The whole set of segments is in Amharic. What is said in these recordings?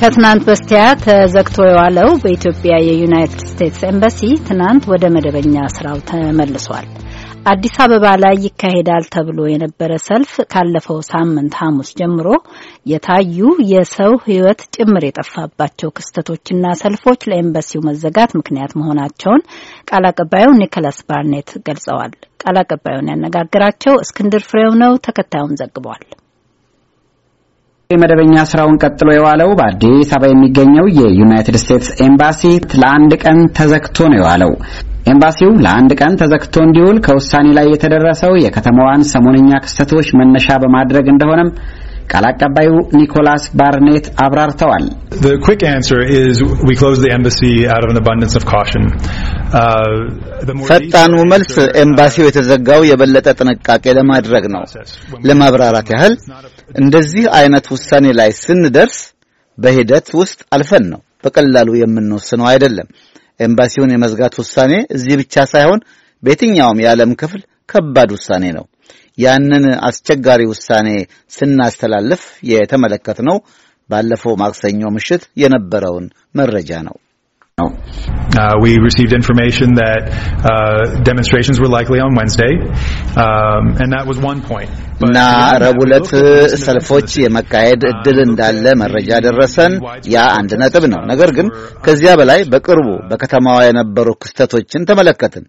ከትናንት በስቲያ ተዘግቶ የዋለው በኢትዮጵያ የዩናይትድ ስቴትስ ኤምባሲ ትናንት ወደ መደበኛ ስራው ተመልሷል። አዲስ አበባ ላይ ይካሄዳል ተብሎ የነበረ ሰልፍ ካለፈው ሳምንት ሐሙስ ጀምሮ የታዩ የሰው ሕይወት ጭምር የጠፋባቸው ክስተቶችና ሰልፎች ለኤምባሲው መዘጋት ምክንያት መሆናቸውን ቃል አቀባዩ ኒኮላስ ባርኔት ገልጸዋል። ቃል አቀባዩን ያነጋግራቸው እስክንድር ፍሬው ነው። ተከታዩን ዘግቧል። የመደበኛ ስራውን ቀጥሎ የዋለው በአዲስ አበባ የሚገኘው የዩናይትድ ስቴትስ ኤምባሲ ለአንድ ቀን ተዘግቶ ነው የዋለው። ኤምባሲው ለአንድ ቀን ተዘግቶ እንዲውል ከውሳኔ ላይ የተደረሰው የከተማዋን ሰሞነኛ ክስተቶች መነሻ በማድረግ እንደሆነም ቃል አቀባዩ ኒኮላስ ባርኔት አብራርተዋል። uh, ፈጣኑ መልስ ኤምባሲው የተዘጋው የበለጠ ጥንቃቄ ለማድረግ ነው። ለማብራራት ያህል እንደዚህ አይነት ውሳኔ ላይ ስንደርስ በሂደት ውስጥ አልፈን ነው፣ በቀላሉ የምንወስነው አይደለም። ኤምባሲውን የመዝጋት ውሳኔ እዚህ ብቻ ሳይሆን በየትኛውም የዓለም ክፍል ከባድ ውሳኔ ነው። ያንን አስቸጋሪ ውሳኔ ስናስተላልፍ የተመለከትነው ባለፈው ማክሰኞ ምሽት የነበረውን መረጃ ነው። out. Uh, we received information that uh, demonstrations were likely on Wednesday, um, and that was one point. እና ረቡዕ ዕለት ሰልፎች የመካሄድ እድል እንዳለ መረጃ ደረሰን። ያ አንድ ነጥብ ነው። ነገር ግን uh, ከዚያ በላይ በቅርቡ በከተማዋ የነበሩ ክስተቶችን ተመለከትን።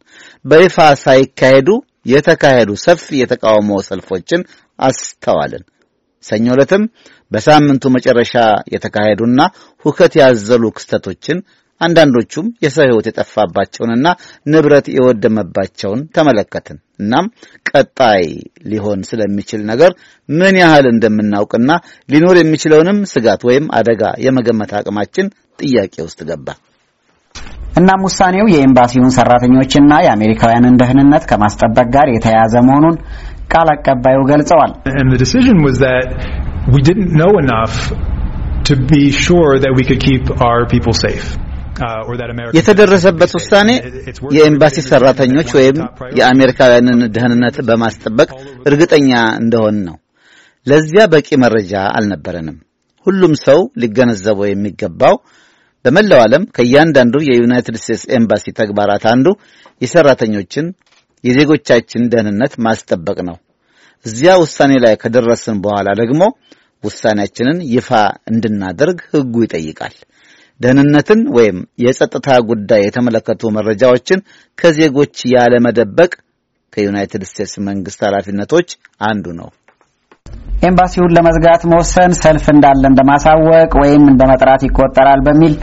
በይፋ ሳይካሄዱ የተካሄዱ ሰፊ የተቃውሞ ሰልፎችን አስተዋልን። ሰኞ ዕለትም በሳምንቱ መጨረሻ የተካሄዱና ሁከት ያዘሉ ክስተቶችን አንዳንዶቹም የሰው ሕይወት የጠፋባቸውንና ንብረት የወደመባቸውን ተመለከትን። እናም ቀጣይ ሊሆን ስለሚችል ነገር ምን ያህል እንደምናውቅና ሊኖር የሚችለውንም ስጋት ወይም አደጋ የመገመት አቅማችን ጥያቄ ውስጥ ገባ። እናም ውሳኔው የኤምባሲውን ሰራተኞችና የአሜሪካውያንን ደህንነት ከማስጠበቅ ጋር የተያያዘ መሆኑን ቃል አቀባዩ ገልጸዋል። to be sure that we could keep our people safe. Uh, የተደረሰበት ውሳኔ የኤምባሲ ሰራተኞች ወይም የአሜሪካውያንን ደህንነት በማስጠበቅ እርግጠኛ እንደሆን ነው። ለዚያ በቂ መረጃ አልነበረንም። ሁሉም ሰው ሊገነዘበው የሚገባው በመላው ዓለም ከእያንዳንዱ የዩናይትድ ስቴትስ ኤምባሲ ተግባራት አንዱ የሰራተኞችን የዜጎቻችን ደህንነት ማስጠበቅ ነው። እዚያ ውሳኔ ላይ ከደረስን በኋላ ደግሞ ውሳኔያችንን ይፋ እንድናደርግ ሕጉ ይጠይቃል። ደህንነትን ወይም የጸጥታ ጉዳይ የተመለከቱ መረጃዎችን ከዜጎች ያለመደበቅ ከዩናይትድ ስቴትስ መንግስት ኃላፊነቶች አንዱ ነው። ኤምባሲውን ለመዝጋት መወሰን ሰልፍ እንዳለ እንደማሳወቅ ወይም እንደመጥራት ይቆጠራል በሚል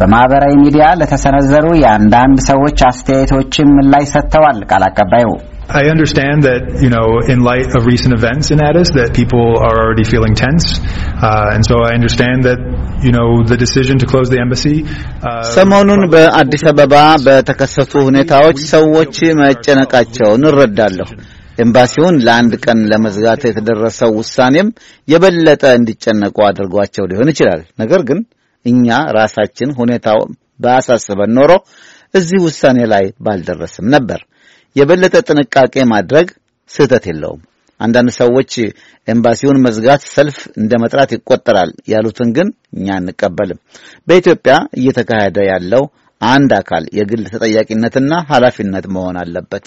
በማህበራዊ ሚዲያ ለተሰነዘሩ የአንዳንድ ሰዎች አስተያየቶችም ምላሽ ሰጥተዋል ቃል አቀባዩ። I understand that you know, in light of recent events in Addis, that people are already feeling tense, uh, and so I understand that you know the decision to close the embassy. Uh, ሰሞኑን በአዲስ አበባ በተከሰቱ ሁኔታዎች ሰዎች መጨነቃቸውን እረዳለሁ። ኤምባሲውን ለአንድ ቀን ለመዝጋት የተደረሰው ውሳኔም የበለጠ እንዲጨነቁ አድርጓቸው ሊሆን ይችላል። ነገር ግን እኛ ራሳችን ሁኔታው ባያሳስበን ኖሮ እዚህ ውሳኔ ላይ ባልደረስም ነበር። የበለጠ ጥንቃቄ ማድረግ ስህተት የለውም። አንዳንድ ሰዎች ኤምባሲውን መዝጋት ሰልፍ እንደ መጥራት ይቆጠራል ያሉትን ግን እኛ አንቀበልም። በኢትዮጵያ እየተካሄደ ያለው አንድ አካል የግል ተጠያቂነትና ኃላፊነት መሆን አለበት።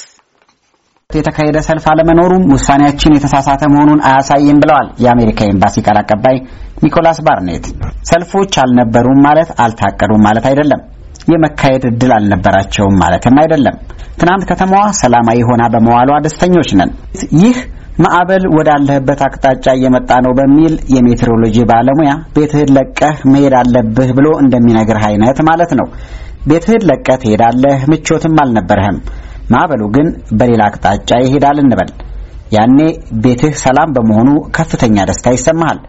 የተካሄደ ሰልፍ አለመኖሩም ውሳኔያችን የተሳሳተ መሆኑን አያሳይም ብለዋል የአሜሪካ ኤምባሲ ቃል አቀባይ ኒኮላስ ባርኔት። ሰልፎች አልነበሩም ማለት አልታቀዱም ማለት አይደለም። የመካሄድ እድል አልነበራቸውም ማለትም አይደለም። ትናንት ከተማዋ ሰላማዊ ሆና በመዋሏ ደስተኞች ነን። ይህ ማዕበል ወዳለህበት አቅጣጫ እየመጣ ነው በሚል የሜትሮሎጂ ባለሙያ ቤትህን ለቀህ መሄድ አለብህ ብሎ እንደሚነግርህ አይነት ማለት ነው። ቤትህን ለቀህ ትሄዳለህ፣ ምቾትም አልነበረህም። ማዕበሉ ግን በሌላ አቅጣጫ ይሄዳል እንበል። ያኔ ቤትህ ሰላም በመሆኑ ከፍተኛ ደስታ ይሰማሃል።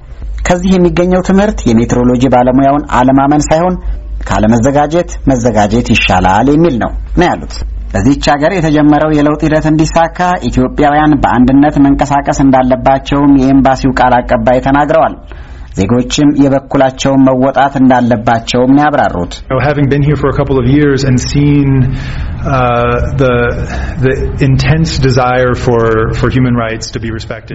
ከዚህ የሚገኘው ትምህርት የሜትሮሎጂ ባለሙያውን አለማመን ሳይሆን ካለመዘጋጀት መዘጋጀት ይሻላል የሚል ነው ነው ያሉት። በዚህች ሀገር የተጀመረው የለውጥ ሂደት እንዲሳካ ኢትዮጵያውያን በአንድነት መንቀሳቀስ እንዳለባቸውም የኤምባሲው ቃል አቀባይ ተናግረዋል። ዜጎችም የበኩላቸውን መወጣት እንዳለባቸውም ነው ያብራሩት።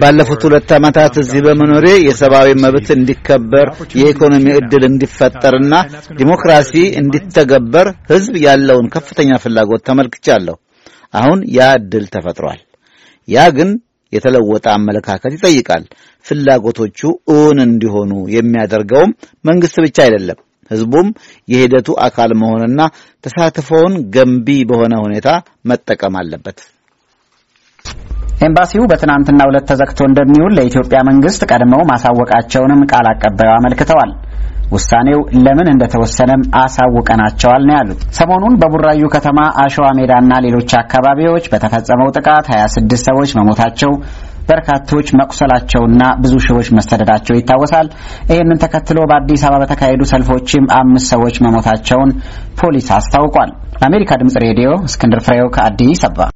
ባለፉት ሁለት ዓመታት እዚህ በመኖሬ የሰብአዊ መብት እንዲከበር፣ የኢኮኖሚ እድል እንዲፈጠርና ዲሞክራሲ እንዲተገበር ህዝብ ያለውን ከፍተኛ ፍላጎት ተመልክቻለሁ። አሁን ያ እድል ተፈጥሯል። ያ ግን የተለወጠ አመለካከት ይጠይቃል። ፍላጎቶቹ እውን እንዲሆኑ የሚያደርገውም መንግስት ብቻ አይደለም፣ ህዝቡም የሂደቱ አካል መሆንና ተሳትፎውን ገንቢ በሆነ ሁኔታ መጠቀም አለበት። ኤምባሲው በትናንትና ሁለት ተዘግቶ እንደሚውል ለኢትዮጵያ መንግስት ቀድመው ማሳወቃቸውንም ቃል አቀባዩ አመልክተዋል። ውሳኔው ለምን እንደተወሰነም አሳውቀናቸዋል ነው ያሉት። ሰሞኑን በቡራዩ ከተማ አሸዋ ሜዳና ሌሎች አካባቢዎች በተፈጸመው ጥቃት 26 ሰዎች መሞታቸው በርካቶች መቁሰላቸውና ብዙ ሺዎች መሰደዳቸው ይታወሳል። ይህንን ተከትሎ በአዲስ አበባ በተካሄዱ ሰልፎችም አምስት ሰዎች መሞታቸውን ፖሊስ አስታውቋል። ለአሜሪካ ድምጽ ሬዲዮ እስክንድር ፍሬው ከአዲስ አበባ